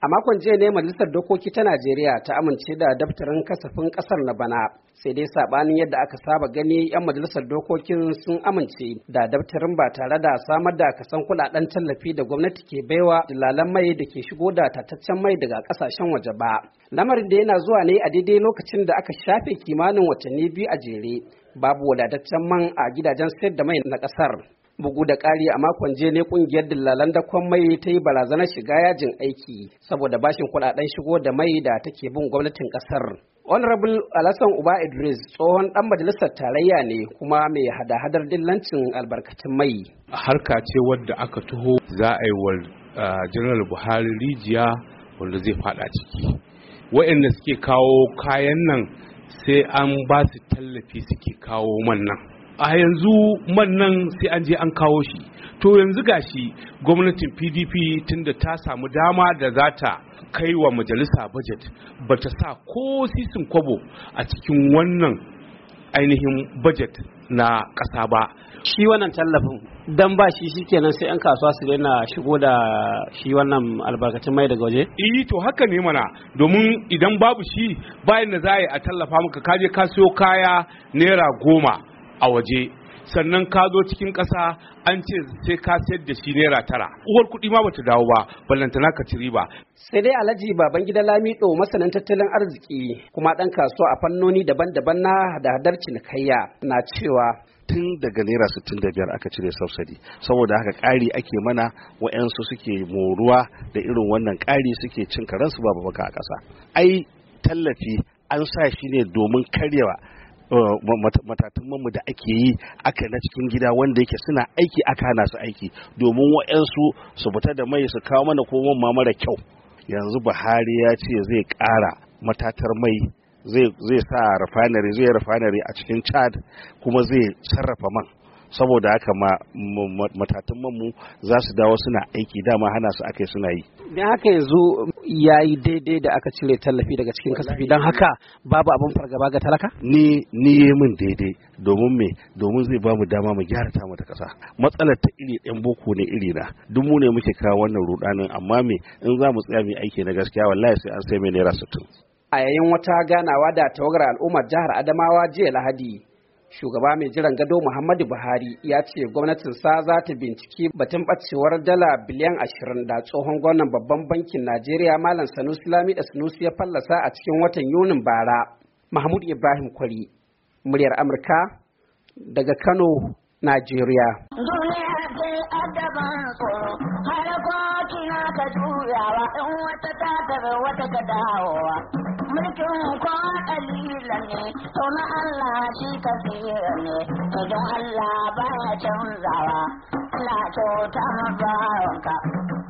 A makon jiya ne Majalisar Dokoki ta Najeriya ta amince da daftarin kasafin kasar na bana, sai dai sabanin yadda aka saba gani 'yan Majalisar Dokokin sun amince da daftarin ba tare da samar da kasan kuɗaɗen tallafi da gwamnati ke baiwa dalalan mai da ke shigo da tataccen mai daga kasashen waje ba. Lamarin da yana zuwa ne a daidai lokacin da aka shafe kimanin watanni biyu a jere, babu wadataccen man a gidajen sayar da mai na ƙasar. bugu da ƙari a makon jiya ne ƙungiyar dillalan dakon mai ta yi barazanar shiga yajin aiki saboda bashin kudaden shigo da mai da take bin gwamnatin ƙasar honorable alassan uba idris tsohon ɗan majalisar tarayya ne kuma mai hada-hadar dillancin albarkatun mai harka ce wadda aka tuho za a yi wa general buhari rijiya wanda zai fada ciki wa'inda suke kawo kayan nan sai an ba su tallafi suke kawo man nan a yanzu man nan sai an je an kawo shi to yanzu gashi gwamnatin pdp tunda ta samu dama da za ta kai wa majalisa budget ba ta sa ko sisin kwabo a cikin wannan ainihin budget na kasa ba shi wannan tallafin dan ba shi shikenan sai yan kasuwa su daina shigo da shi wannan albarkatun mai daga waje eh to haka ne mana domin idan babu shi bayan da za a tallafa maka kaje ka siyo kaya naira goma a waje sannan ka zo cikin ƙasa an ce sai ka sayar da shi naira tara uwar kuɗi ma bata dawo ba ballantana ka ciri ba. sai dai alhaji baban gida lamido masanin tattalin arziki kuma ɗan kasuwa a fannoni daban-daban na hadar cinikayya na cewa tun daga naira sittin da biyar aka cire subsidy saboda haka ƙari ake mana wa'yansu suke moruwa da irin wannan ƙari suke cin karansu ba baka a ƙasa ai tallafi an sa shi ne domin karyawa Uh, matatun mamu da ake yi aka na cikin gida wanda yake suna aiki aka hana su aiki domin wa'yansu su fita da mai su kawo mana ko ma mara kyau yanzu buhari ya ce zai ƙara matatar mai zai sa rafanari zai rafanari a cikin chad kuma zai sarrafa man saboda haka matatun za su dawo suna aiki dama hana su aka suna yi. Da haka yanzu ya yi daidai da aka cire tallafi daga cikin kasafi don haka babu abin fargaba ga talaka? Ni ni yi min daidai domin me domin zai ba mu dama mu gyara ta mata kasa. Matsalar ta iri ɗan boko ne iri na duk mu ne muke kawo wannan rudanin amma me in za mu tsaya mu aiki na gaskiya wallahi sai an sai mai naira sittin. A yayin wata ganawa da tawagar al'ummar jihar Adamawa jiya Lahadi shugaba mai jiran gado muhammadu buhari ya ce gwamnatinsa za ta binciki batun bacewar dala biliyan ashirin da tsohon gwamnan babban bankin najeriya malam sanusi lami da sanusi ya fallasa a cikin watan yunin bara mahmud ibrahim kwari muryar amurka daga kano najeriya wata ta wata ta dawowa mulkin ko kalila ne to na Allah shi kasira ne idan Allah baya canzawa Allah to ta bawanka